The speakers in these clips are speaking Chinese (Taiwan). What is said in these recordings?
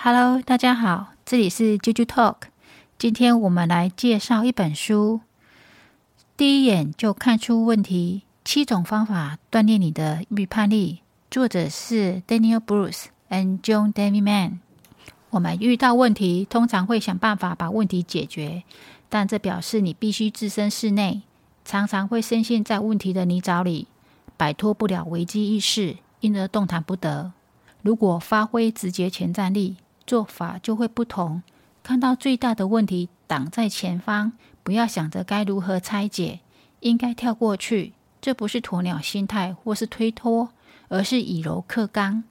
Hello，大家好，這裡是 Juju Talk。今天我們來介紹一本書，《第一眼就看出問題：七種方法鍛鍊你的預判力》。作者是 Daniel Burrus 和 John David Mann。我們遇到問題，通常會想辦法把問題解決，但這表示你必須置身事內，常常會深陷，陷在問題的泥沼裡，擺脫不了危機意識，因而動彈不得。如果發揮直覺前瞻力，做法就會不同。看到最大的問題擋在前方，不要想着該如何拆解，應該跳過去。這不是鴕鳥心態或是推脫，而是以柔克剛，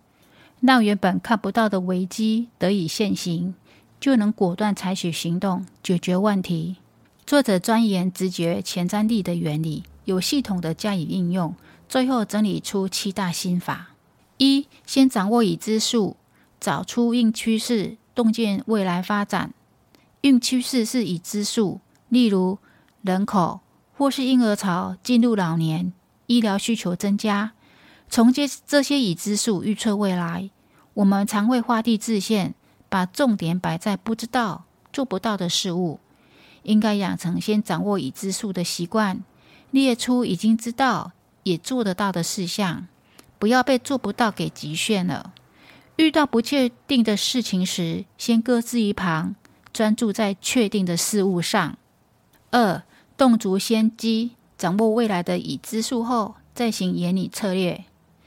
讓原本看不到的危機得以現形，就能果斷採取行動解決問題。作者鑽研直覺、前瞻力的原理，有系統地加以應用，最後整理出七大心法：一、先掌握已知數。找出硬趨勢，洞見未來發展。硬趨勢是已知數，例如人口或是嬰兒潮進入老年，醫療需求增加。從這這些已知數預測未來，我們常會畫地自限，把重點擺在不知道、做不到的事物。應該養成先掌握已知數的習慣，列出已經知道也做得到的事項，不要被做不到給局限了。遇到不確定的事情時，先擱置一旁，專注在確定的事物上。二，洞燭先機，掌握未來的已知數後，再行原理策略。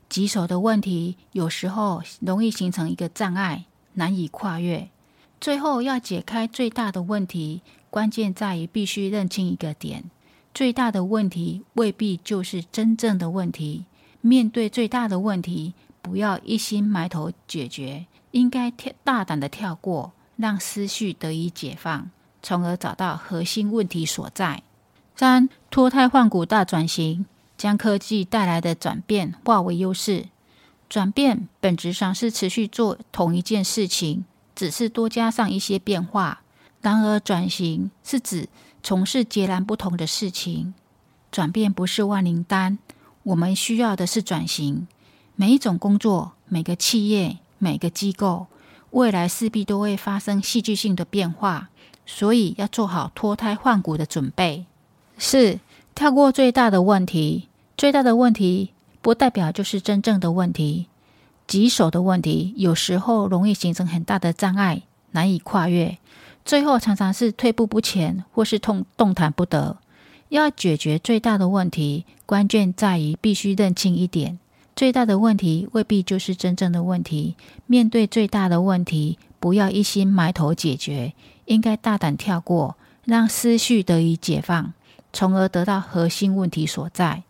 棘手的問題有時候容易形成一個障礙，難以跨越。最後要解開最大的問題，關鍵在於必須認清一個點：最大的問題未必就是真正的問題。面對最大的問題。不要一心埋頭解決，應該跳大膽地跳過，讓思緒得以解放，從而找到核心問題所在。三、脫胎換骨大轉型，將科技帶來的轉變化為優勢。轉變本質上是持續做同一件事情，只是多加上一些變化。然而，轉型是指從事截然不同的事情。轉變不是萬靈丹，我們需要的是轉型。每一種工作、每個企業、每個機構，未來勢必都會發生戲劇性的變化，所以要做好脫胎換骨的準備。四、跳過最大的問題，最大的問題不代表就是真正的問題。棘手的問題有時候容易形成很大的障礙，難以跨越，最後常常是退步不前或是動動彈不得。要解決最大的問題，關鍵在於必須認清一點。最大的問題未必就是真正的問題。面對最大的問題，不要一心埋頭解決，應該大膽跳過，讓思緒得以解放，從而得到核心問題所在。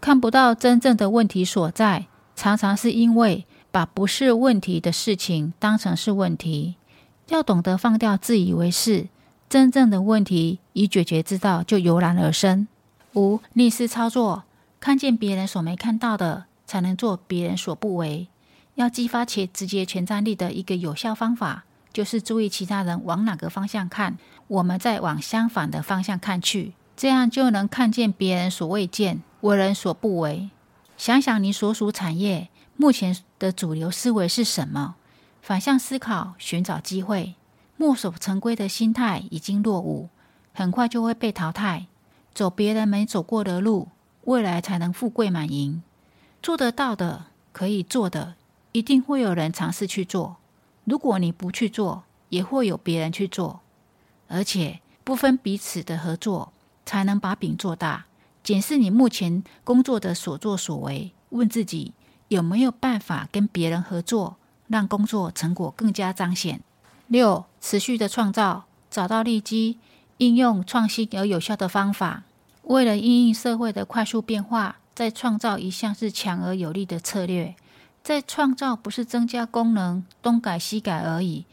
看不到真正的問題所在，常常是因為把不是問題的事情當成是問題。要懂得放掉自以為是，真正的問題與解決之道就油然而生。五、逆勢操作，看見別人所沒看到的。才能做別人所不為。要激發其直接前瞻力的一個有效方法，就是注意其他人往哪個方向看，我們再往相反的方向看去，這樣就能看見別人所未見，為人所不為。想想你所屬產業目前的主流思維是什麼？反向思考，尋找機會。墨守成規的心態已經落伍，很快就會被淘汰。走別人沒走過的路，未來才能富貴滿盈。做得到的，可以做的，一定會有人嘗試去做。如果你不去做，也會有別人去做，而且不分彼此的合作，才能把餅做大。檢視你目前工作的所作所為，問自己有沒有辦法跟別人合作，讓工作成果更加彰顯。六，持續的創造，找到利基，應用創新而有效的方法，為了因應社會的快速變化。再創造一向是強而有力的策略。在創造不是增加功能，東改西改而已。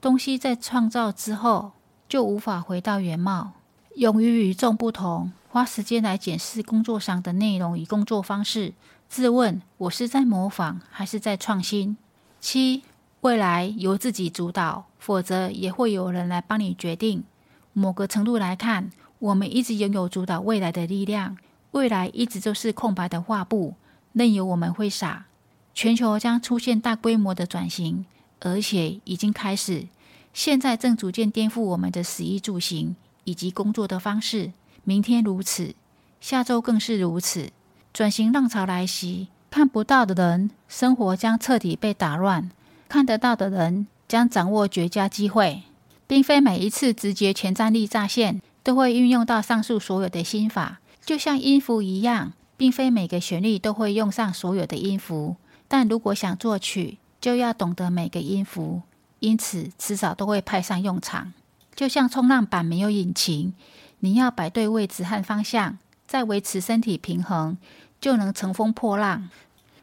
東西在創造之後，就無法回到原貌。勇於與眾不同，花時間來檢視工作上的內容與工作方式，自問：我是在模仿還是在創新？七，未來由自己主導，否則也會有人來幫你決定。某個程度來看，我們一直擁有主導未來的力量。未來一直都是空白的畫布，任由我們揮灑。全球將出現大規模的轉型，而且已經開始，現在正逐漸顛覆我們的食衣住行以及工作的方式。明天如此，下周更是如此。轉型浪潮來襲，看不到的人生活將徹底被打亂，看得到的人將掌握絕佳機會。並非每一次直接前瞻力乍現，都會運用到上述所有的心法。就像音符一樣，並非每個旋律都會用上所有的音符。但如果想作曲，就要懂得每個音符，因此遲早都會派上用場。就像衝浪板沒有引擎，你要擺對位置和方向，再維持身體平衡，就能乘風破浪。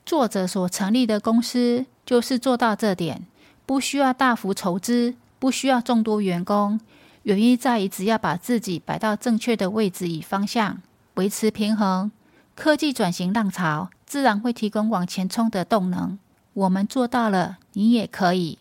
作者所成立的公司就是做到這點，不需要大幅籌資，不需要眾多員工，原因在於只要把自己擺到正確的位置與方向。維持平衡，科技轉型浪潮自然會提供往前衝的動能。我們做到了，你也可以。